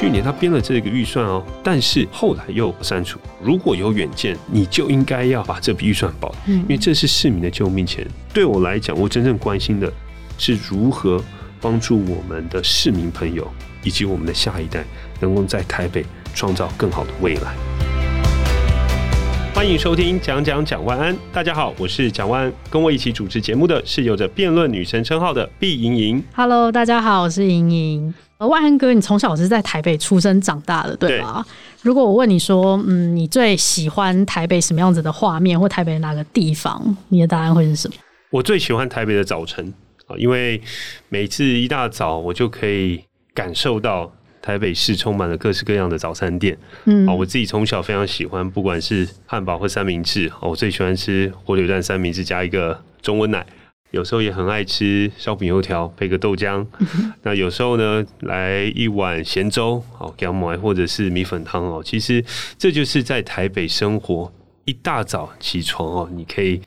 去年他編了這個預算哦，但是後來又不刪除。如果有遠見，你就應該要把這筆預算報，嗯、因為這是市民的救命錢。對我來講，我真正關心的是如何幫助我們的市民朋友以及我們的下一代，能夠在台北創造更好的未來。歡迎收聽《講講蔣萬安》，大家好，我是蔣萬安，跟我一起主持節目的是有着辯論女神稱號的畢盈盈。Hello，大家好，我是盈盈。而萬安哥，你從小是在台北出生長大的，對吧？對。如果我問你說，嗯，你最喜歡台北什麼樣子的畫面，或台北的哪個地方，你的答案會是什麼？我最喜歡台北的早晨啊，因為每次一大早，我就可以感受到台北市充滿了各式各樣的早餐店。嗯，啊，我自己從小非常喜歡，不管是漢堡或三明治，我最喜歡吃火腿蛋三明治加一個中溫奶。有時候也很愛吃燒餅油條配個豆漿， 那有時候呢，來一碗鹹粥哦，乾麵，或者是米粉湯哦。其實這就是在台北生活，一大早起床哦，你可以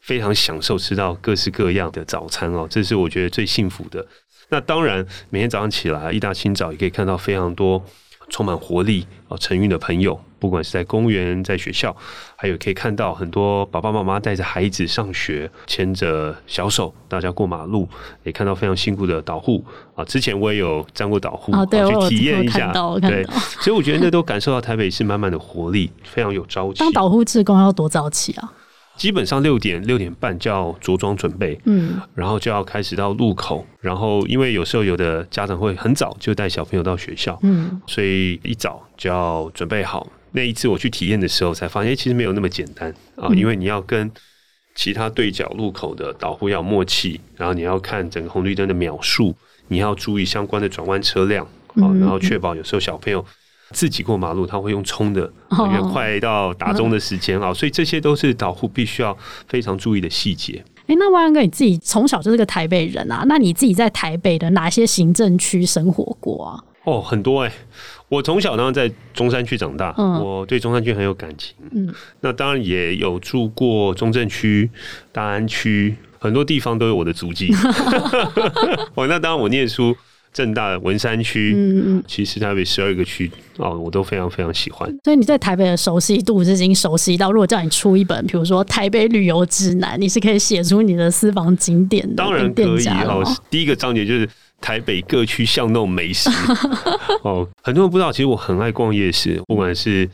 非常享受吃到各式各樣的早餐哦，這是我覺得最幸福的。那當然每天早上起來一大清早，也可以看到非常多充滿活力哦、晨運的朋友，不管是在公園、在學校，還有可以看到很多爸爸媽媽帶着孩子上學，牽着小手，大家過馬路，也看到非常辛苦的導護啊。之前我也有站過導護、啊，對，啊，去體驗一下。對，所以我覺得那都感受到台北是滿滿的活力，非常有朝氣。當導護志工要多早起啊？基本上六點六點半就要着裝準備，嗯，然後就要開始到路口。然後因為有時候有的家長會很早就帶小朋友到學校，嗯，所以一早就要準備好。那一次我去體驗的時候，才發現其實沒有那麼簡單啊！因為你要跟其他對角路口的導護要默契，然後你要看整個紅綠燈的秒數，你要注意相關的轉彎車輛啊，然後確保有時候小朋友自己過馬路，他會用衝的，因為快到打鐘的時間啊。所以這些都是導護必須要非常注意的細節。哎，那萬安哥你自己從小就是個台北人啊，那你自己在台北的哪些行政區生活過啊？哦，很多哎、欸！我從小呢，在中山區長大，嗯、我對中山區很有感情。嗯，那當然也有住過中正區、大安區，很多地方都有我的足迹。 哦，那當然，我念書政大的文山區，嗯、其實台北十二個區哦，我都非常非常喜歡。所以你在台北的熟悉度是已經熟悉到，如果叫你出一本，比如說台北旅遊指南，你是可以寫出你的私房景點的。當然可以哦，第一個章節就是。台北各區巷弄美食 哦，很多人不知道，其實我很愛逛夜市，不管是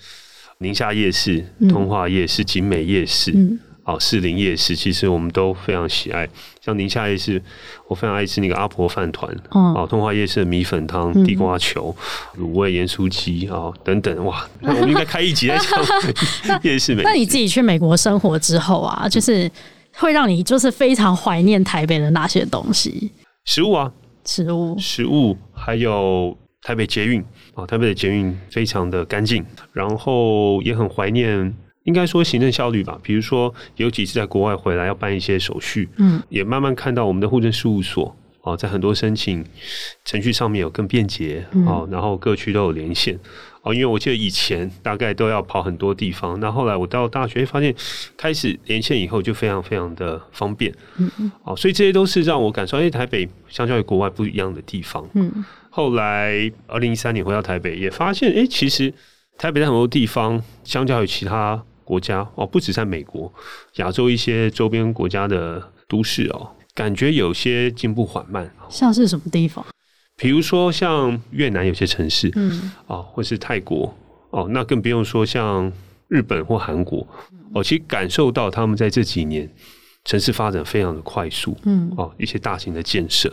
寧夏夜市、嗯、通化夜市、景美夜市，嗯，哦，士林夜市，其實我們都非常喜愛。像寧夏夜市，我非常愛吃那個阿婆飯糰，嗯，哦，通化夜市的米粉湯、嗯、地瓜球、滷味、鹽酥雞啊、哦、等等，哇，我們應該開一集來講夜市美食。那你自己去美國生活之後啊，就是會讓你就是非常懷念台北的那些東西，食物啊。食物，食物，還有台北捷運啊、哦，台北的捷運非常的乾淨，然後也很懷念，應該說行政效率吧，比如說，有幾次在國外回來要辦一些手續，嗯，也慢慢看到我們的戶政事務所啊、哦，在很多申請程序上面有更便捷啊、嗯哦，然後各區都有連線。哦，因為我記得以前大概都要跑很多地方，那後來我到大學發現，開始連線以後就非常非常的方便。嗯嗯。哦，所以這些都是讓我感受，哎，台北相較於國外不一樣的地方。嗯。後來二零一三年回到台北，也發現，哎，其實台北在很多地方相較於其他國家，哦，不止在美國，亞洲一些周邊國家的都市哦，感覺有些進步緩慢。像是什麼地方？比如說像越南有些城市，嗯，啊，哦，或是泰國，哦，那更不用說像日本或韓國，哦，其實感受到他們在這幾年城市發展非常的快速，嗯，哦，一些大型的建設。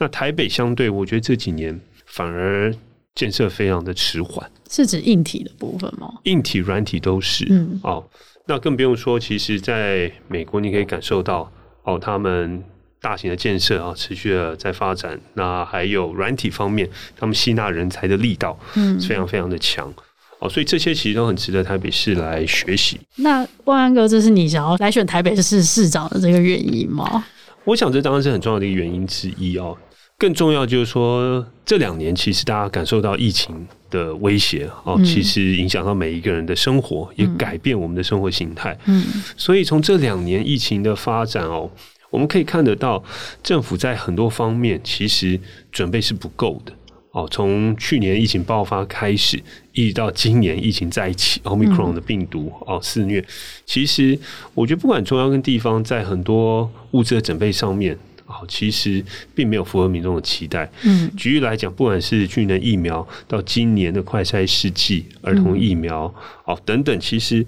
那台北相對，我覺得這幾年反而建設非常的遲緩。是指硬體的部分嗎？硬體、軟體都是，嗯，哦，那更不用說，其實在美國你可以感受到，哦，他們。大型的建設啊，持續的在發展。那還有軟體方面，他們吸納人才的力道，嗯，非常非常的強，嗯，哦。所以這些其實都很值得台北市來學習。那萬安哥，這是你想要來選台北市市長的這個原因嗎？我想這當然是很重要的一個原因之一哦。更重要就是說，這兩年其實大家感受到疫情的威脅哦，嗯，其實影響到每一個人的生活，也改變我們的生活形態，嗯。嗯，所以從這兩年疫情的發展哦。我們可以看得到，政府在很多方面其實準備是不夠的。哦，從去年疫情爆發開始，一直到今年疫情再起，Omicron 的病毒啊、嗯哦、肆虐，其實我覺得不管中央跟地方，在很多物資的準備上面啊、哦，其實並沒有符合民眾的期待。嗯，舉例來講，不管是去年疫苗到今年的快篩試劑、兒童疫苗、嗯、哦等等，其實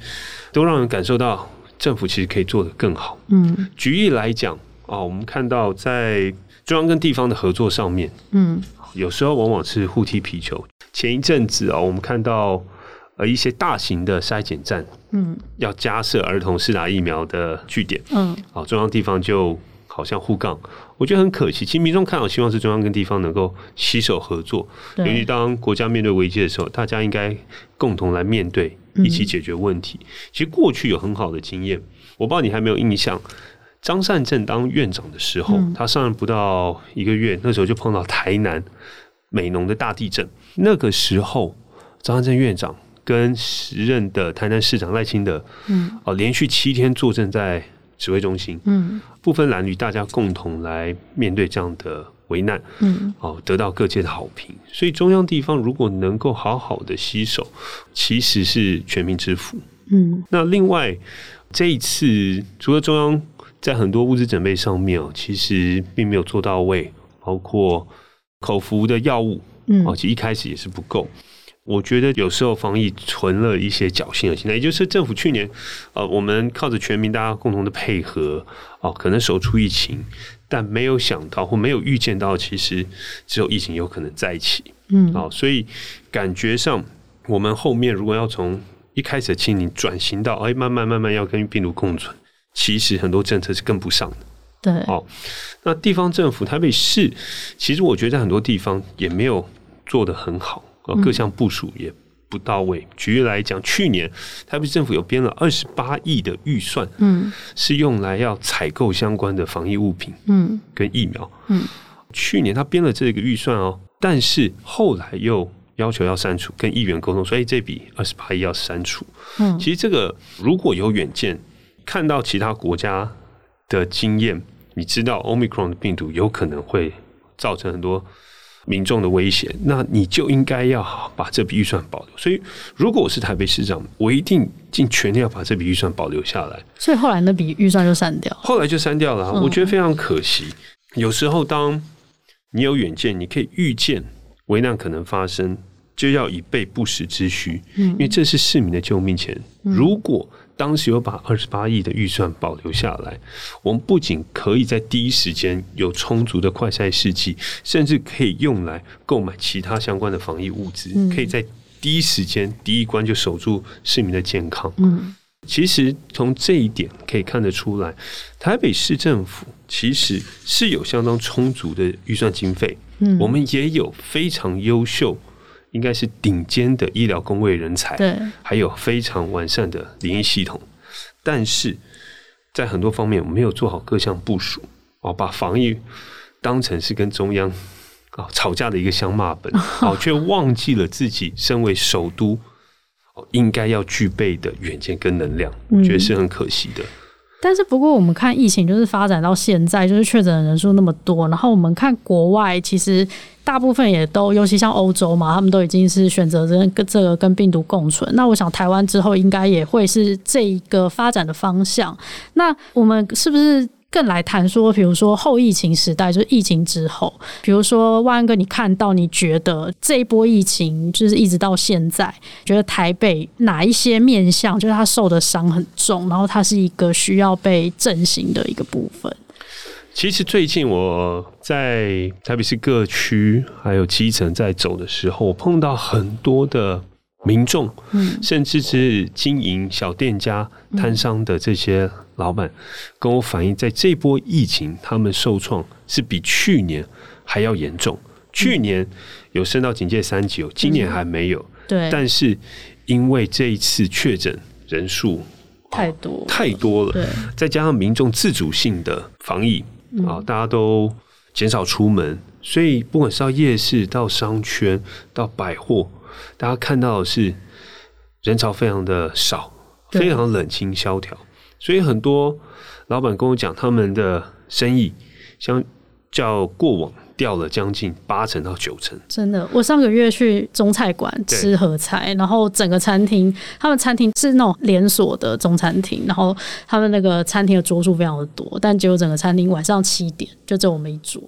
都讓人感受到，政府其實可以做得更好。嗯，舉例來講啊，我們看到在中央跟地方的合作上面，嗯，有時候往往是互踢皮球。前一陣子啊，我們看到呃一些大型的篩檢站，嗯，要加設兒童施打疫苗的據點，嗯，啊，中央地方就好像互槓，我覺得很可惜。其實民眾看好，希望是中央跟地方能夠攜手合作，尤其對當國家面對危機的時候，大家應該共同來面對。一起解決問題。嗯、其實過去有很好的經驗，我不知道你還沒有印象。張善政當院長的時候，嗯、他上任不到一個月，那時候就碰到台南美濃的大地震。那個時候，張善政院長跟時任的台南市長賴清德，哦、嗯呃，連續七天坐鎮在指揮中心，嗯，不分藍綠，大家共同來面對這樣的。危難，嗯，哦，得到各界的好評，嗯、所以中央地方如果能夠好好的攜手，其實是全民之福，嗯。那另外這一次，除了中央在很多物資準備上面哦，其實並沒有做到位，包括口服的藥物，嗯，哦，一開始也是不夠。嗯、我覺得有時候防疫存了一些僥幸的心態，也就是政府去年，我們靠着全民大家共同的配合，可能守出疫情。但沒有想到或沒有預見到，其實只有疫情有可能在一起。嗯，好，所以感覺上，我們後面如果要從一開始的清零轉型到哎，慢慢慢慢要跟病毒共存，其實很多政策是跟不上的。對，哦，那地方政府台北市，其實我覺得在很多地方也沒有做得很好，各項部署也。嗯不到位。舉例來講，去年台北市政府有編了二十八億的預算，嗯，是用來要採購相關的防疫物品，嗯，跟疫苗，嗯。嗯，去年他編了這個預算哦、喔，但是後來又要求要刪除，跟議員溝通，所以這筆二十八億要刪除。嗯，其實這個如果有遠見，看到其他國家的經驗，你知道 Omicron 的病毒有可能會造成很多。民眾的威脅，那你就應該要把這筆預算保留。所以，如果我是台北市長，我一定盡全力要把這筆預算保留下來。所以後來那筆預算就刪掉，後來就刪掉了。我覺得非常可惜。嗯、有時候當你有遠見，你可以預見危難可能發生，就要以備不時之需，因為這是市民的救命錢。嗯、如果當時有把二十八億的預算保留下來，我們不僅可以在第一時間有充足的快篩試劑，甚至可以用來購買其他相關的防疫物資，可以在第一時間第一關就守住市民的健康。嗯，其實從這一點可以看得出來，台北市政府其實是有相當充足的預算經費。嗯，我們也有非常優秀。應該是頂尖的醫療公衛人才，對，還有非常完善的聯醫系統，但是在很多方面沒有做好各項部署啊，把防疫當成是跟中央啊吵架的一個相罵本，啊卻忘記了自己身為首都哦應該要具備的遠見跟能量，嗯、我覺得是很可惜的。但是不過，我們看疫情就是發展到現在，就是確診人數那麼多，然後我們看國外，其實大部分也都，尤其像歐洲嘛，他們都已經是選擇跟這個跟病毒共存。那我想台灣之後應該也會是這一個發展的方向。那我們是不是？更來談說，比如說後疫情時代，就是疫情之後，比如說萬安哥，你看到你覺得這一波疫情就是一直到現在，覺得台北哪一些面向就是它受的傷很重，然後它是一個需要被振興的一個部分？其實最近我在台北市各區還有基層在走的時候，我碰到很多的。民眾，甚至是經營小店家、攤商的這些老闆，跟我反映，在這波疫情，他們受創是比去年還要嚴重。去年有升到警戒三級，今年還沒有。對。但是因為這一次確診人數太多太多了，對，再加上民眾自主性的防疫啊，大家都減少出門，所以不管是到夜市、到商圈、到百貨。大家看到的是人潮非常的少，非常冷清蕭條，對所以很多老闆跟我講，他們的生意相較過往掉了將近八成到九成。真的，我上個月去中菜館吃合菜，對然後整個餐廳，他們餐廳是那種連鎖的中餐廳，然後他們那個餐廳的桌數非常的多，但只有整個餐廳晚上七點就只有我們一桌，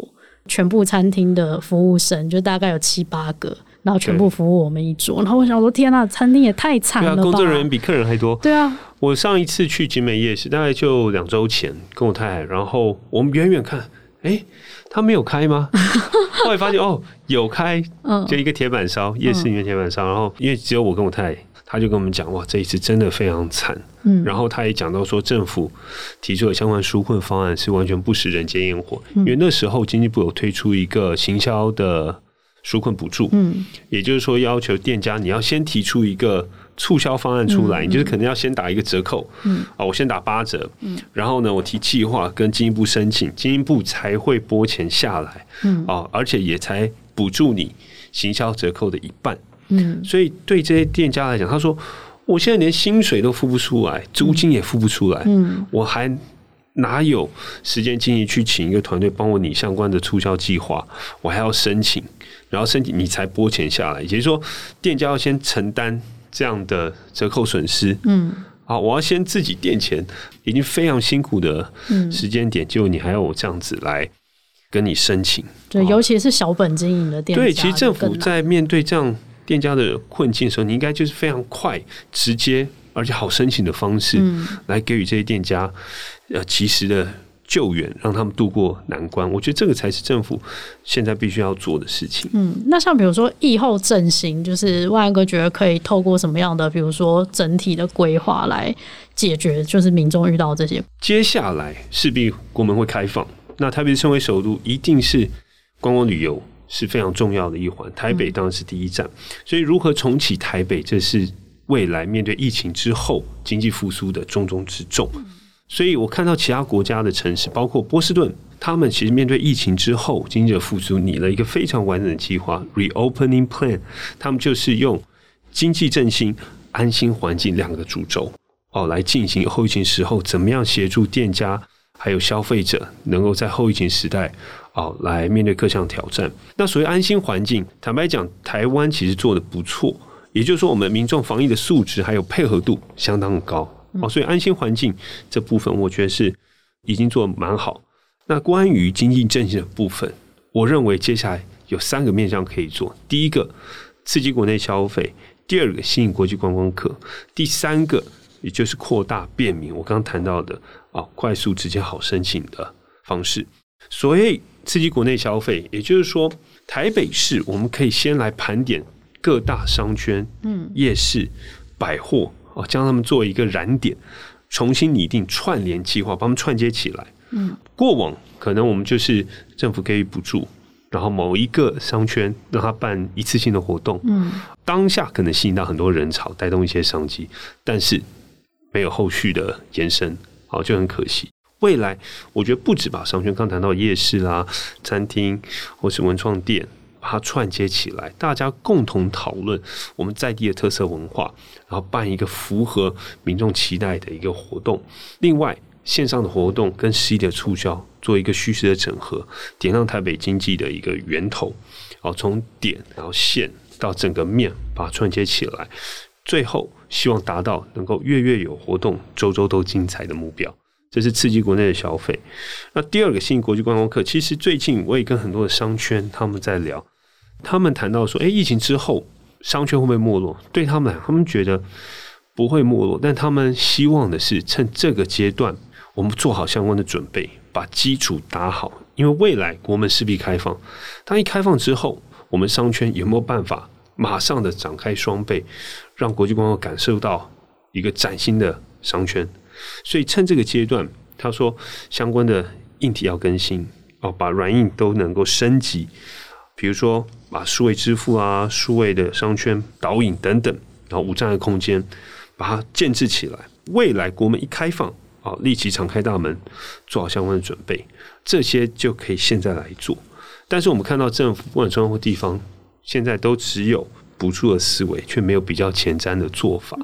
全部餐廳的服務生就大概有七八個。然後全部服務我們一桌，對然後我想說天吶、啊，餐廳也太慘了對、啊、工作人員比客人還多。對啊，我上一次去景美夜市，大概就兩周前，跟我太太，然後我們遠遠看，哎、欸，他沒有開嗎？ 後來發現哦，有開，就一個鐵板燒，嗯、夜市裡面鐵板燒。嗯、然後因為只有我跟我太太，他就跟我們講，哇，這一次真的非常慘。嗯，然後他也講到說，政府提出了相關紓困方案，是完全不食人間煙火。嗯、因為那時候經濟部有推出一個行銷的。紓困補助，嗯，也就是說，要求店家你要先提出一個促銷方案出來，嗯、你就是可能要先打一個折扣，嗯，啊、哦，我先打八折，嗯，然後呢，我提計劃跟經濟部申請，經濟部才會撥錢下來，嗯，啊、哦，而且也才補助你行銷折扣的一半，嗯，所以對這些店家來講，他說，我現在連薪水都付不出來，租金也付不出來，嗯，我還哪有時間精力去請一個團隊幫我擬相關的促銷計劃？我還要申請。然後申請你才撥錢下來，也就是說，店家要先承擔這樣的折扣損失。嗯，好、啊，我要先自己墊錢，已經非常辛苦的時間點，嗯、就你還要我這樣子來跟你申請。對，啊、尤其是小本經營的店，對，其實政府在面對這樣店家的困境的時候，你應該就是非常快、直接，而且好申請的方式，嗯，來給予這些店家呃及時的。救援，讓他們渡過難關，我覺得這個才是政府現在必須要做的事情。嗯，那像比如說疫後振興，就是萬安哥覺得可以透過什麼樣的，比如說整體的規劃來解決，就是民眾遇到這些。接下來勢必國門會開放，那台北身為首都，一定是觀光旅遊是非常重要的一環。台北當然是第一站，嗯、所以如何重啟台北，這是未來面對疫情之後經濟復甦的重中之重。嗯所以，我看到其他國家的城市，包括波士頓，他們其實面對疫情之後經濟的復甦，擬了一個非常完整的計劃 （Reopening Plan）。他們就是用經濟振興、安心環境兩個主軸，哦，來進行後疫情時候怎麼樣協助店家還有消費者，能夠在後疫情時代，哦，來面對各項挑戰。那所謂安心環境，坦白講，台灣其實做的不錯，也就是說，我們民眾防疫的素質還有配合度相當的高。哦，所以安心環境這部分，我覺得是已經做的蠻好。那關於經濟振興的部分，我認為接下來有三個面向可以做：第一個，刺激國內消費；第二個，吸引國際觀光客；第三個，也就是擴大便民。我剛談到的啊，快速、直接、好申請的方式。所以刺激國內消費，也就是說，台北市我們可以先來盤點各大商圈、嗯、夜市、百貨。哦，將他們做一個燃點，重新擬定串聯計劃，把他們串接起來。嗯，過往可能我們就是政府給予補助，然後某一個商圈讓他辦一次性的活動，嗯，當下可能吸引到很多人潮，帶動一些商機，但是沒有後續的延伸，好、哦、就很可惜。未來我覺得不止把商圈，剛談到夜市啦、啊、餐廳或是文創店。把它串接起來，大家共同討論我們在地的特色文化，然後辦一個符合民眾期待的一個活動。另外，線上的活動跟實際的促銷做一個虛實的整合，點亮台北經濟的一個源頭。好，從點然後線到整個面，把它串接起來。最後，希望達到能夠月月有活動，周周都精彩的目標。這是刺激國內的消費。那第二個吸引國際觀光客，其實最近我也跟很多的商圈他們在聊。他們談到說：“哎，疫情之後商圈，會不會沒落？”對他們，他們覺得不會沒落，但他們希望的是趁這個階段，我們做好相關的準備，把基礎打好，因為未來國門勢必開放。當一開放之後，我們商圈有沒有辦法馬上的展開雙倍，讓國際觀光客，感受到一個嶄新的商圈？所以趁這個階段，他說相關的硬體要更新哦，把軟硬都能夠升級。比如說，把數位支付啊、數位的商圈導引等等，然後無障礙的空間把它建置起來。未來國門一開放，啊，立即敞開大門，做好相關的準備，這些就可以現在來做。但是我們看到政府、中央或地方現在都只有補助的思維，却沒有比較前瞻的做法。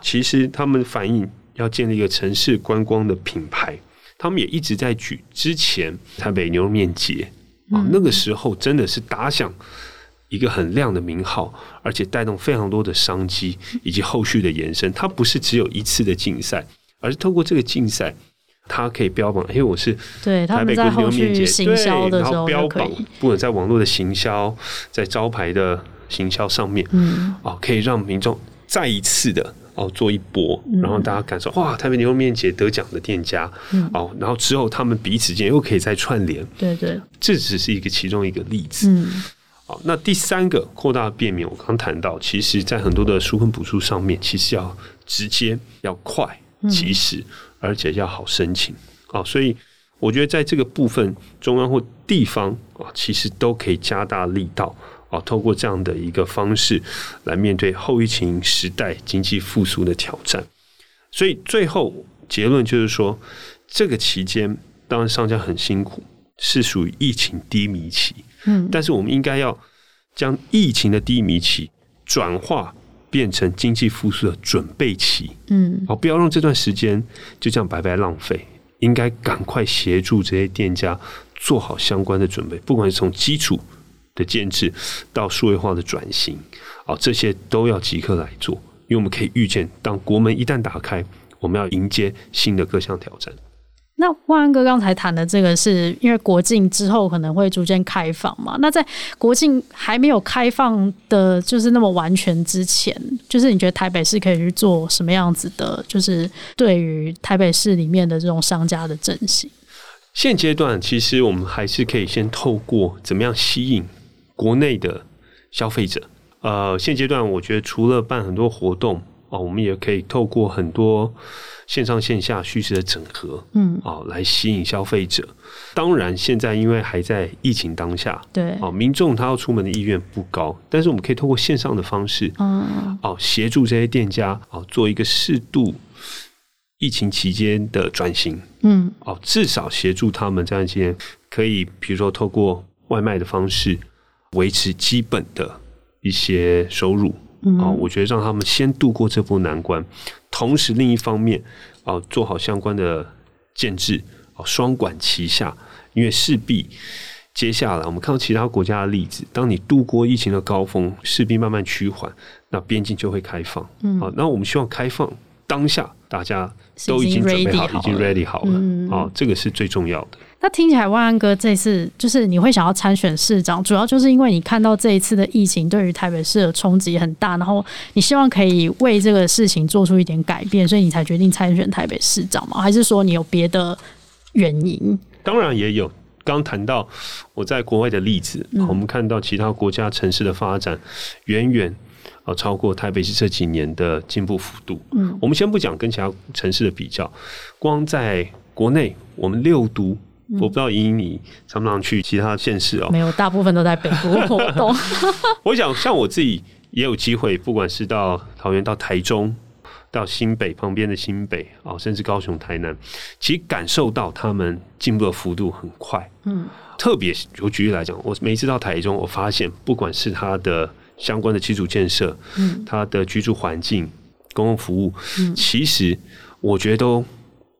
其實他們反映要建立一個城市觀光的品牌，他們也一直在舉之前台北牛肉麵節。啊，那個時候真的是打響一個很亮的名號，而且帶動非常多的商機以及後續的延伸。它不是只有一次的競賽，而是透過這個競賽，它可以標榜，因為，欸，我是台北冠軍牛肉麵，對，他們在後續行銷的時候，然後標榜，不管在網絡的行銷、在招牌的行銷上面，嗯，啊，可以讓民眾再一次的。哦，做一波，然後大家感受、嗯、哇，台北牛肉麵節得獎的店家，嗯、哦，然後之後他們彼此間又可以再串聯，對對、嗯，這只是一個其中一個例子。嗯，好、哦，那第三個擴大的便民，我剛談到，其實在很多的紓困補助上面，其實要直接、要快、及時，嗯、而且要好申請、哦。所以我覺得在這個部分，中央或地方啊、哦，其實都可以加大力道。好，透過這樣的一個方式來面對後疫情時代經濟復甦的挑戰，所以最後結論就是說，這個期間當然商家很辛苦，是屬於疫情低迷期。嗯，但是我們應該要將疫情的低迷期轉化變成經濟復甦的準備期。嗯，好，不要用這段時間就這樣白白浪費，應該趕快協助這些店家做好相關的準備，不管是從基礎的建制到數位化的轉型，啊，這些都要即刻來做，因為我們可以預見，當國門一旦打開，我們要迎接新的各項挑戰。那萬安哥剛才談的這個，是因為國境之後可能會逐漸開放嘛？那在國境還沒有開放的，就是那麼完全之前，就是你覺得台北市可以去做什麼樣子的？就是對於台北市裡面的這種商家的振興？現階段其實我們還是可以先透過怎麼樣吸引。國內的消費者，呃，現階段我覺得除了辦很多活動啊、哦，我們也可以透過很多線上線下虛實的整合，嗯，啊、哦，來吸引消費者。當然，現在因為還在疫情當下，對，啊、哦，民眾他要出門的意願不高，但是我們可以透過線上的方式，嗯、哦，協助這些店家啊、哦，做一個適度疫情期間的轉型，嗯，哦，至少協助他們這樣一些，可以，比如說透過外賣的方式。維持基本的一些收入、嗯、啊，我覺得讓他們先度過這波難關。同時，另一方面啊，做好相關的建制，啊，雙管齊下。因為勢必接下來我們看到其他國家的例子，當你度過疫情的高峰，勢必慢慢趨緩，那邊境就會開放。嗯、啊，那我們希望開放當下大家都已經準備好了，已經，已經 ready 好了，好了、嗯、啊，這個是最重要的。那聽起來萬安哥這次就是你會想要參選市長，主要就是因為你看到這一次的疫情對於台北市的衝擊很大，然後你希望可以為這個事情做出一點改變，所以你才決定參選台北市長嗎？還是說你有別的原因？當然也有。剛談到我在國外的例子，嗯，我們看到其他國家城市的發展遠遠啊超過台北市這幾年的進步幅度。嗯，我們先不講跟其他城市的比較，光在國內，我們六都。我不知道以你常不常去其他縣市哦、嗯？沒有，大部分都在北部活動。 我想，像我自己也有機會，不管是到桃園、到台中、到新北旁邊的、新北哦，甚至高雄、台南，其實感受到他們進步的幅度很快。嗯，特別我舉例來講，我每一次到台中，我發現不管是他的相關的基礎建設，嗯，他的居住環境、公共服務，嗯，其實我覺得都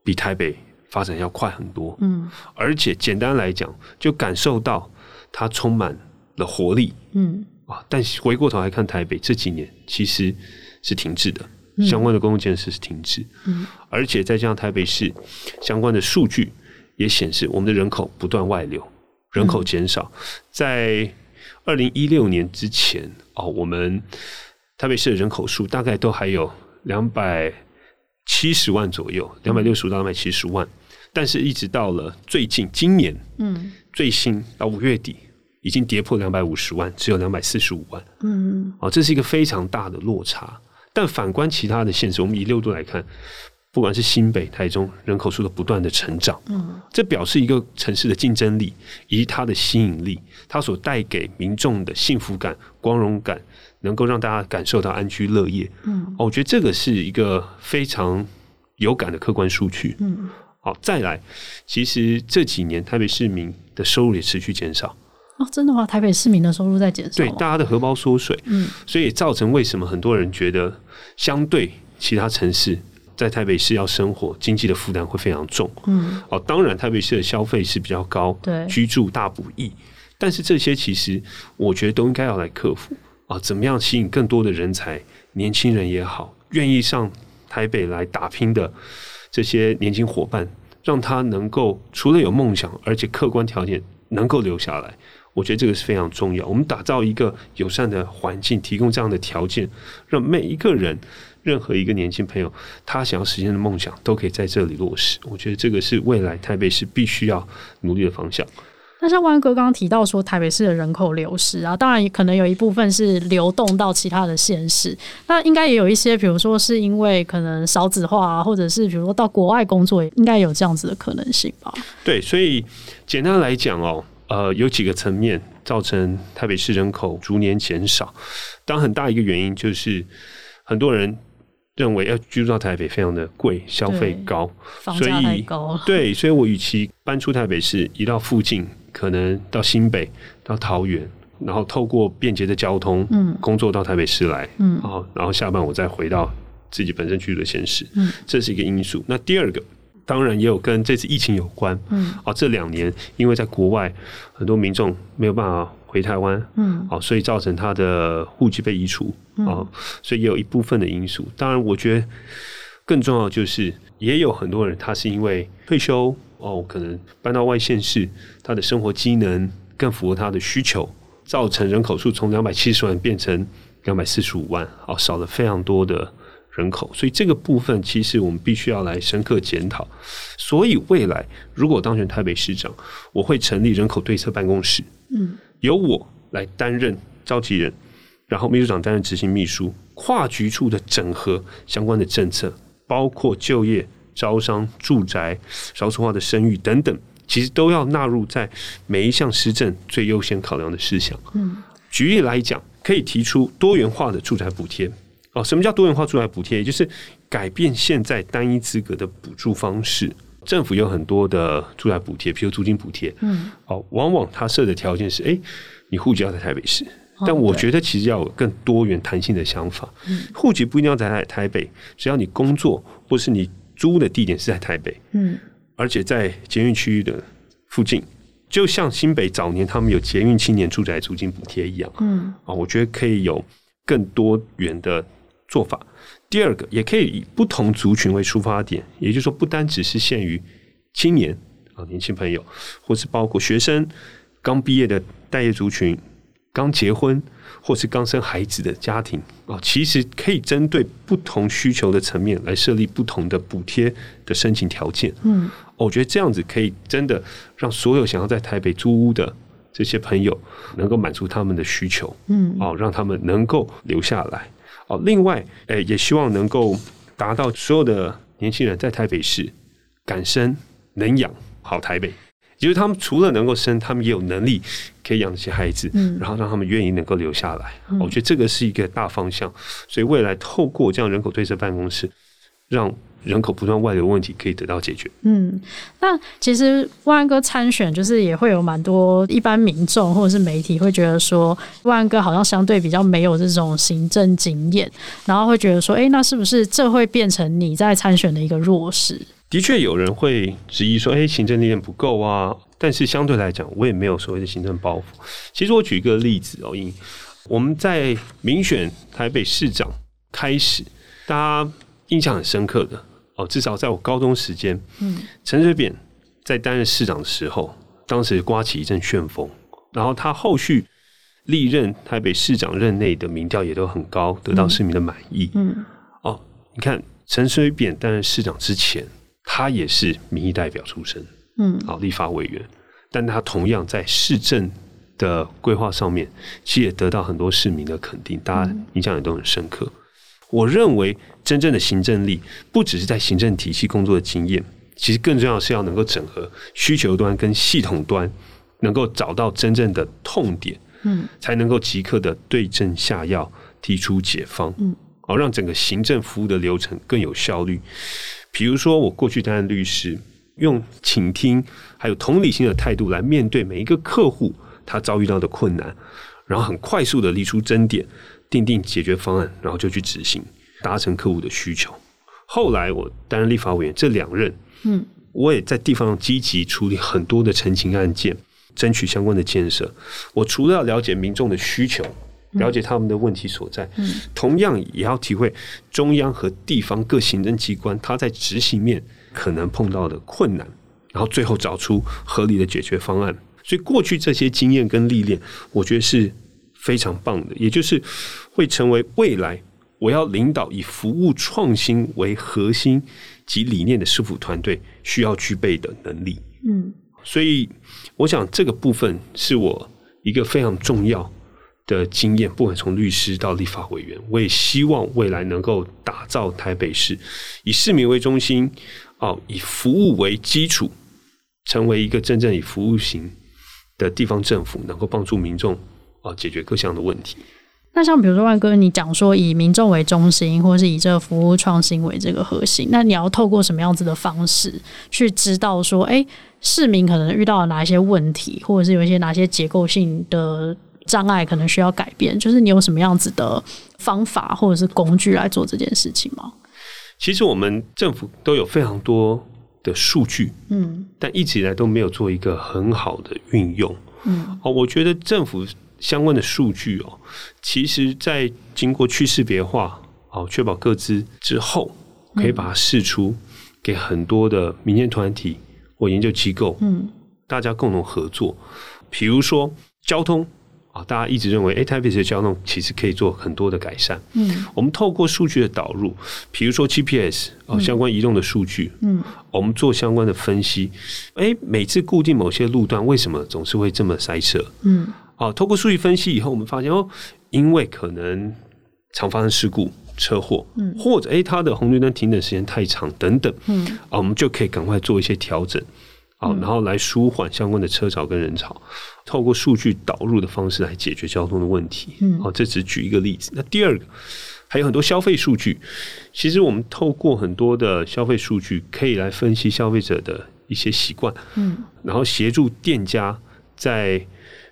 比台北發展要快很多，嗯，而且簡單來講，就感受到它充滿了活力，嗯啊。但回過頭來看台北這幾年其實是停滯的，嗯、相關的公共建設是停滯，嗯。而且再加上台北市相關的數據也顯示，我們的人口不斷外流，人口減少。嗯、在二零一六年之前，哦，我們台北市的人口數大概都還有兩百七十萬左右，兩百六十五到兩百七十萬。但是，一直到了最近今年，嗯，最新到五月底已經跌破兩百五十萬，只有兩百四十五萬，嗯，哦，這是一個非常大的落差。但反觀其他的縣市，我們以六都來看，不管是新北、台中，人口數的不斷的成長，嗯，這表示一個城市的競爭力以及它的吸引力，它所帶給民眾的幸福感、光榮感，能夠讓大家感受到安居樂業，嗯，我覺得這個是一個非常有感的客觀數據，嗯。好，再來。其實這幾年台北市民的收入也持續減少、哦、真的嗎？台北市民的收入在減少，對，大家的荷包縮水，嗯，所以造成為什麼很多人覺得相對其他城市，在台北市要生活，經濟的負擔會非常重，嗯、哦，當然台北市的消費是比較高，對居住大不易，但是這些其實我覺得都應該要來克服啊、哦，怎麼樣吸引更多的人才，年輕人也好，願意上台北來打拼的。這些年輕夥伴，讓他能夠除了有夢想，而且客觀條件能夠留下來，我覺得這個是非常重要。我們打造一個友善的環境，提供這樣的條件，讓每一個人，任何一個年輕朋友，他想要實現的夢想都可以在這裡落實。我覺得這個是未來台北市必須要努力的方向。那像萬哥剛剛提到說，台北市的人口流失啊，當然也可能有一部分是流動到其他的縣市。那應該也有一些，比如說是因為可能少子化啊，或者是比如說到國外工作，應該有這樣子的可能性吧？對，所以簡單來講哦，呃，有幾個層面造成台北市人口逐年減少。當然很大一個原因就是，很多人認為要居住到台北非常的貴，消費高，對所以房價太高對，所以我與其搬出台北市，移到附近。可能到新北、到桃園，然後透過便捷的交通，嗯、工作到台北市來、嗯啊，然後下班我再回到自己本身居住的縣市，嗯、這是一個因素。那第二個，當然也有跟這次疫情有關，哦、嗯啊，這兩年因為在國外很多民眾沒有辦法回台灣，嗯啊、所以造成他的戶籍被移除、啊，所以也有一部分的因素。當然，我覺得更重要就是，也有很多人他是因為退休。哦，可能搬到外縣市，他的生活機能更符合他的需求，造成人口數從兩百七十萬變成兩百四十五萬，哦，少了非常多的人口，所以這個部分其實我們必須要來深刻檢討。所以未來如果當選台北市長，我會成立人口對策辦公室，嗯，由我來擔任召集人，然後秘書長擔任執行秘書，跨局處的整合相關的政策，包括就業。招商、住宅、少子化的生育等等，其實都要納入在每一項施政最優先考量的事項。嗯，舉例來講，可以提出多元化的住宅補貼。哦，什麼叫多元化住宅補貼？也就是改變現在單一資格的補助方式。政府有很多的住宅補貼，譬如租金補貼。嗯，哦，往往它設的條件是：哎、欸，你戶籍要在台北市。哦、但我覺得其實要有更多元彈性的想法。戶、嗯、籍不一定要在台北，只要你工作或是你。租的地點是在台北，嗯，而且在捷運區域的附近，就像新北早年他們有捷運青年住宅租金補貼一樣，嗯，啊，我覺得可以有更多元的做法。第二個，也可以以不同族群為出發點，也就是說，不單只是限於青年啊，年輕朋友，或是包括學生剛畢業的待業族群。剛結婚或是剛生孩子的家庭啊，其實可以針對不同需求的層面來設立不同的補貼的申請條件。嗯，我覺得這樣子可以真的讓所有想要在台北租屋的這些朋友能夠滿足他們的需求。嗯，讓他們能夠留下來。哦，另外，誒，也希望能夠達到所有的年輕人在台北市敢生能養，好台北。其實他們除了能夠生，他們也有能力可以養得起孩子，嗯、然後讓他們願意能夠留下來。我覺得這個是一個大方向，嗯、所以未來透過這樣人口對策辦公室，讓人口不斷外流問題可以得到解決。嗯，那其實萬哥參選，就是也會有蠻多一般民眾或者是媒體會覺得說，萬哥好像相對比較沒有這種行政經驗，然後會覺得說，誒，那是不是這會變成你在參選的一個弱勢？的確有人會質疑說：“哎，行政力量不夠啊！”但是相對來講，我也沒有所謂的行政包袱。其實我舉一個例子哦，以我們在民選台北市長開始，大家印象很深刻的哦，至少在我高中時間，嗯，陳水扁在擔任市長的時候，當時颳起一陣旋風，然後他後續歷任台北市長任內的民調也都很高，得到市民的滿意嗯。嗯，哦，你看陳水扁擔任市長之前。他也是民意代表出身，嗯，好立法委員，但他同樣在市政的規劃上面，其實也得到很多市民的肯定，大家印象也都很深刻。嗯、我認為真正的行政力，不只是在行政體系工作的經驗，其實更重要的是要能夠整合需求端跟系統端，能夠找到真正的痛點，嗯，才能夠即刻的對症下藥，提出解放，嗯，好讓整個行政服務的流程更有效率。比如說，我過去擔任律師，用傾聽還有同理心的態度來面對每一個客戶他遭遇到的困難，然後很快速的列出爭點，訂定解決方案，然後就去執行，達成客戶的需求。後來我擔任立法委員這兩任，嗯，我也在地方上積極處理很多的陳情案件，爭取相關的建設。我除了要了解民眾的需求，了解他們的問題所在，嗯，嗯，同樣也要體會中央和地方各行政機關他在執行面可能碰到的困難，然後最後找出合理的解決方案。所以過去這些經驗跟歷練，我覺得是非常棒的，也就是會成為未來我要領導以服務創新為核心及理念的市府團隊需要具備的能力。嗯，所以我想這個部分是我一個非常重要。的經驗，不管從律師到立法委員，我也希望未來能夠打造台北市以市民為中心，哦，以服務為基礎，成為一個真正以服務型的地方政府，能夠幫助民眾啊解決各項的問題。那像比如說萬哥，你講說以民眾為中心，或是以這個服務創新為這個核心，那你要透過什麼樣子的方式去知道說，哎、欸，市民可能遇到了哪一些問題，或者是有一些哪一些結構性的？障礙可能需要改變，就是你有什麼樣子的方法或者是工具來做這件事情嗎？其實我們政府都有非常多的數據，嗯，但一直以來都沒有做一個很好的運用，嗯，哦，我覺得政府相關的數據哦，其實，在經過去識別化，哦，確保個資之後，可以把它釋出給很多的民間團體或研究機構，嗯，大家共同合作，比如說交通。啊，大家一直認為台北市的交通其實可以做很多的改善。嗯，我們透過數據的導入，比如說 GPS 相關移動的數據，嗯，嗯，我們做相關的分析。哎、欸，每次固定某些路段，為什麼總是會這麼塞車？嗯，嗯，好，透過數據分析以後，我們發現哦，因為可能常發生事故、車禍，嗯，嗯，或者哎，它的紅綠燈停等時間太長，等等，嗯，啊，我們就可以趕快做一些調整，然後來舒緩相關的車潮跟人潮。透過數據導入的方式來解決交通的問題，嗯、哦，這只舉一個例子。那第二個，還有很多消費數據，其實我們透過很多的消費數據，可以來分析消費者的一些習慣，嗯，然後協助店家在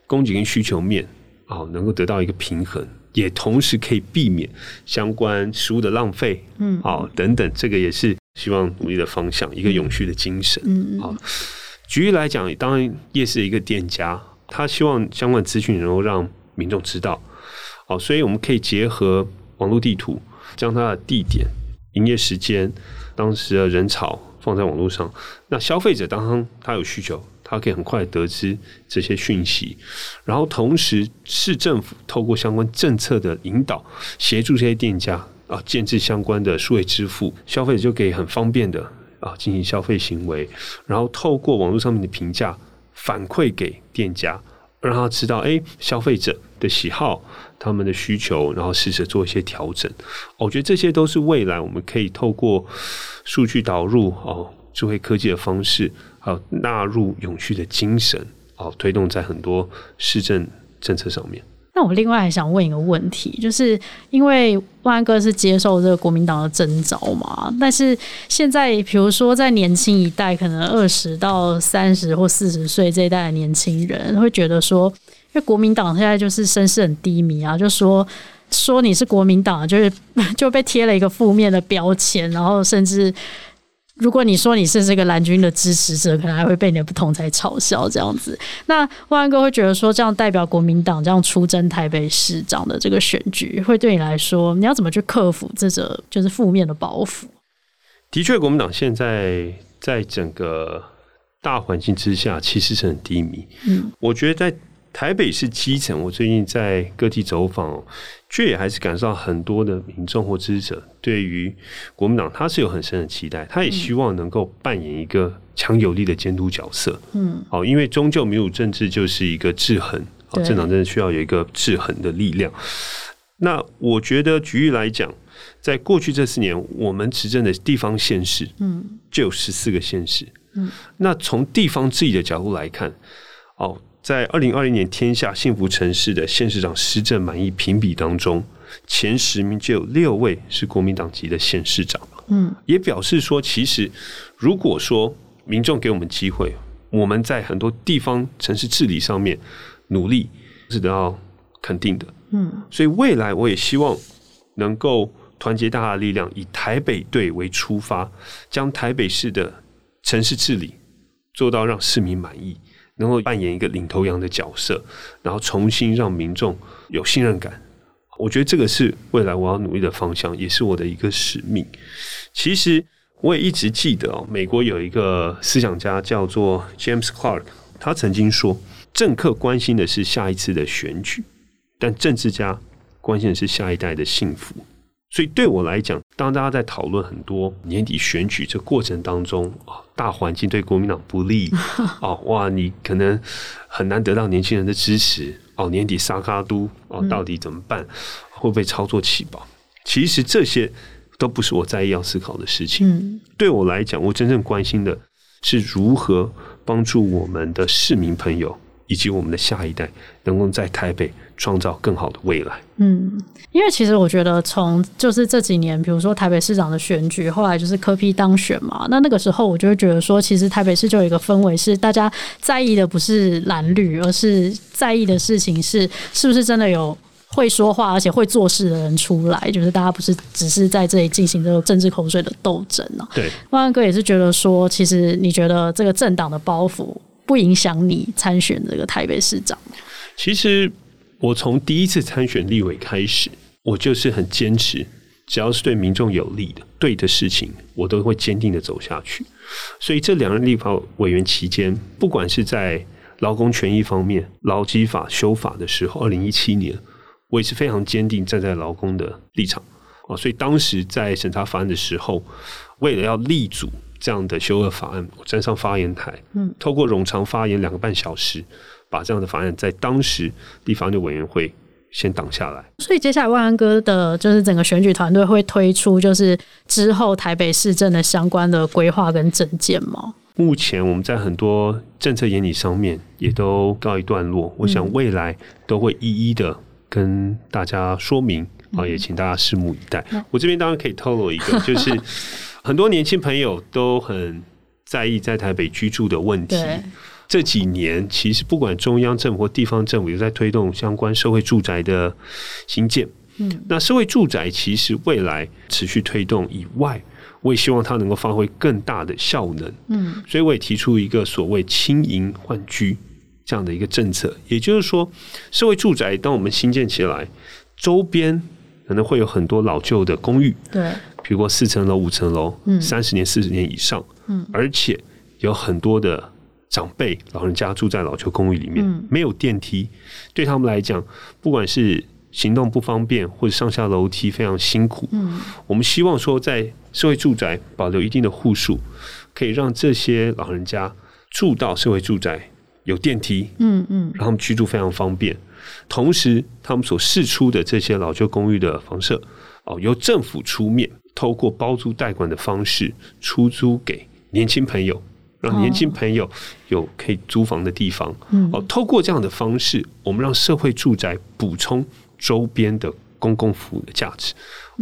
供給跟需求面，啊、哦，能夠得到一個平衡，也同時可以避免相關食物的浪費，嗯，哦，等等，這個也是希望努力的方向，嗯，一個永續的精神。嗯嗯。啊、哦，舉例來講，當然夜市一個店家，他希望相關資訊能夠讓民眾知道，好，所以我們可以結合網絡地圖，將它的地點、營業時間、當時的人潮放在網絡上。那消費者當他有需求，他可以很快得知這些訊息，然後同時市政府透過相關政策的引導，協助這些店家啊，建置相關的數位支付，消費者就可以很方便的啊進行消費行為，然後透過網絡上面的評價。反饋給店家，讓他知道哎，消費者的喜好、他們的需求，然後試着做一些調整。我覺得這些都是未來我們可以透過數據導入哦，智慧科技的方式，還有納入永續的精神哦，推動在很多市政政策上面。那我另外還想問一個問題，就是因為萬安哥是接受這個國民黨的徵召嘛，但是現在比如說在年輕一代，可能二十到三十或四十歲這一代的年輕人會覺得說，因為國民黨現在就是聲勢很低迷啊，就說說你是國民黨，就是就被貼了一個負面的標籤，然後甚至。如果你說你是這個藍軍的支持者，可能還會被你的不同在嘲笑這樣子。那萬安哥會覺得說，這樣代表國民黨這樣出征台北市長的這個選舉，會對你來說，你要怎麼去克服這個就是負面的包袱？的確，國民黨現在在整個大環境之下，其實是很低迷。嗯，我覺得在台北市基層，我最近在各地走訪。卻也還是感受到很多的民眾或支持者對於國民黨，他是有很深的期待，他也希望能夠扮演一個強有力的監督角色。嗯，好，因為終究民主政治就是一個制衡，政黨真的需要有一個制衡的力量。對那我覺得，舉例來講，在過去這四年，我們執政的地方縣市、市，嗯，就有十四個縣市。嗯，那從地方自己的角度來看，哦。在二零二零年天下幸福城市的縣市長施政滿意評比當中，前十名就有六位是國民黨籍的縣市長。嗯，也表示說，其實如果說民眾給我們機會，我們在很多地方城市治理上面努力是得到肯定的。嗯，所以未來我也希望能夠團結大家的力量，以台北隊為出發，將台北市的城市治理做到讓市民滿意。能夠扮演一個領頭羊的角色，然後重新讓民眾有信任感，我覺得這個是未來我要努力的方向，也是我的一個使命。其實我也一直記得哦，美國有一個思想家叫做 James Clark，他曾經說，政客關心的是下一次的選舉，但政治家關心的是下一代的幸福。所以對我來講。當大家在討論很多年底選舉這過程當中啊，大環境對國民黨不利啊，哇，你可能很難得到年輕人的支持哦。年底殺阿都哦，到底怎麼辦？會不會操作棄保？嗯、其實這些都不是我在意要思考的事情。嗯、對我來講，我真正關心的是如何幫助我們的市民朋友，以及我們的下一代，能夠在台北創造更好的未來。嗯，因為其實我覺得，從就是這幾年，比如說台北市長的選舉，後來就是柯 P 當選嘛，那那個時候我就會覺得說，其實台北市就有一個氛圍，是大家在意的不是藍綠，而是在意的事情是，是不是真的有會說話而且會做事的人出來，就是大家不是只是在這裡進行這個政治口水的鬥爭了、啊。對，萬安哥也是覺得說，其實你覺得這個政黨的包袱。不影響你參選這個台北市長。其實我從第一次參選立委開始，我就是很堅持，只要是對民眾有利的、對的事情，我都會堅定的走下去。所以這兩任立法委員期間，不管是在勞工權益方面、勞基法修法的時候，二零一七年，我也是非常堅定站在勞工的立場啊。所以當時在審查法案的時候，為了要立足。這樣的修惡法案，嗯、我站上發言臺，嗯，透過冗長發言兩個半小時，把這樣的法案在當時立法院的委員會先擋下來。所以接下來萬安哥的，就是整個選舉團隊會推出，就是之後台北市政的相關的規劃跟政見嗎？目前我們在很多政策研擬上面也都告一段落，嗯、我想未來都會一一的跟大家說明啊，嗯、也請大家拭目以待。嗯、我這邊當然可以透露一個，就是。 很多年輕朋友都很在意在台北居住的問題。對這幾年，其實不管中央政府或地方政府都在推動相關社會住宅的興建。嗯，那社會住宅其實未來持續推動以外，我也希望它能夠發揮更大的效能。嗯，所以我也提出一個所謂“青銀換居”這樣的一個政策，也就是說，社會住宅當我們興建起來，周邊可能會有很多老舊的公寓。對。譬如說四層樓、五層樓，三十、嗯、年、四十年以上，嗯、而且有很多的長輩、老人家住在老舊公寓裡面，嗯、沒有電梯，對他們來講，不管是行動不方便，或者上下樓梯非常辛苦。嗯、我們希望說，在社會住宅保留一定的戶數，可以讓這些老人家住到社會住宅，有電梯，嗯嗯，嗯讓他們居住非常方便。同時，他們所釋出的這些老舊公寓的房舍。哦，由政府出面，透過包租代管的方式出租給年輕朋友，讓年輕朋友有可以租房的地方。哦，oh. 透過這樣的方式，我們讓社會住宅補充周邊的公共服務的價值。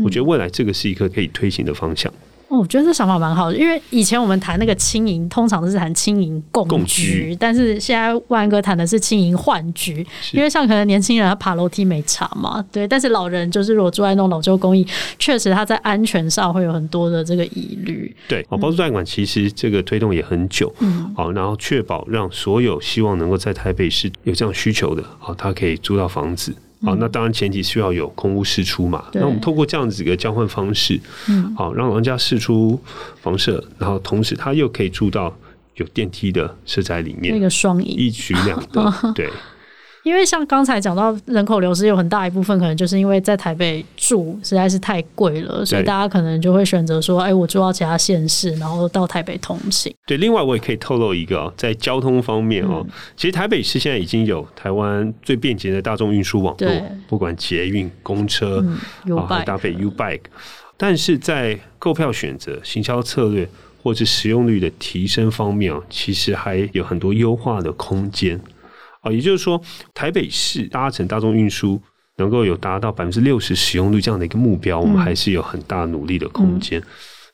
我覺得未來這個是一個可以推行的方向。哦，我覺得這想法蠻好的，因為以前我們談那個青銀，通常都是談青銀共居，共居但是現在萬哥談的是青銀換居，是因為像可能年輕人他爬樓梯沒差嘛，對，但是老人就是如果住在那種老舊公寓，確實他在安全上會有很多的這個疑慮。對，哦，包租代管其實這個推動也很久，嗯，好，然後確保讓所有希望能夠在台北市有這樣需求的，好，他可以租到房子。好，那當然前提需要有空屋釋出嘛。嗯、那我們通過這樣子一個交換方式，嗯、好讓人家釋出房舍，然後同時他又可以住到有電梯的社宅裡面，那個雙贏，一舉兩得，嗯、對。因為像剛才講到人口流失，有很大一部分可能就是因為在台北住實在是太貴了，對所以大家可能就會選擇說：“哎，我住到其他縣市，然後到台北通勤。”對，另外我也可以透露一個、哦、在交通方面哦，嗯、其實台北市現在已經有台灣最便捷的大眾運輸網絡，對不管捷運、公車，嗯哦、還搭配 U Bike，、嗯、但是在購票選擇、行銷策略或者使用率的提升方面，其實還有很多優化的空間。哦，也就是說，台北市搭乘大眾運輸能夠有達到百分之六十使用率這樣的一個目標，嗯、我們還是有很大努力的空間。嗯、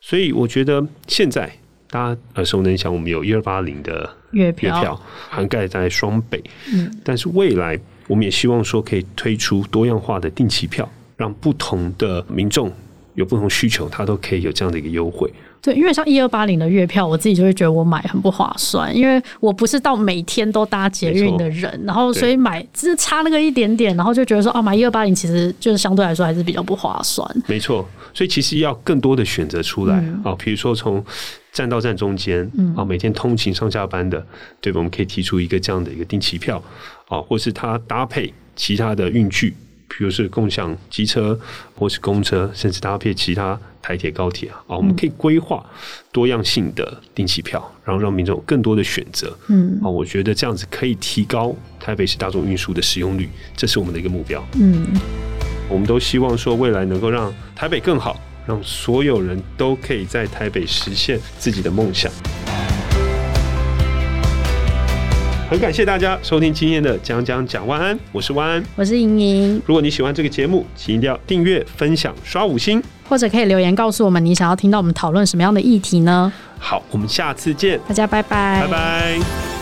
所以，我覺得現在大家耳熟能詳，我們有一二八零的月票，月票涵蓋在雙北。嗯，但是未來我們也希望說可以推出多樣化的定期票，讓不同的民眾。有不同需求，它都可以有這樣的一個優惠。對，因為像一二八零的月票，我自己就會覺得我買很不划算，因為我不是到每天都搭捷運的人，沒錯，然後所以買只是對，差那個一點點，然後就覺得說，哦、啊，買一二八零其實就是相對來說還是比較不划算。沒錯，所以其實要更多的選擇出來，嗯、啊，比如說從站到站中間啊，每天通勤上下班的，嗯、對，我們可以提出一個這樣的一個定期票啊，或是它搭配其他的運具。比如是共享機車，或是公車，甚至搭配其他台鐵、高鐵啊，啊，我們可以規劃多樣性的定期票，然後讓民眾有更多的選擇，嗯，啊，我覺得這樣子可以提高台北市大眾運輸的使用率，這是我們的一個目標，嗯，我們都希望說未來能夠讓台北更好，讓所有人都可以在台北實現自己的夢想。很感謝大家收聽今天的講講蔣萬安，我是萬安，我是盈盈。如果你喜歡這個節目，請一定要訂閱、分享、刷五星，或者可以留言告訴我們你想要聽到我們討論什麼樣的議題呢？好，我們下次見，大家拜拜，拜拜。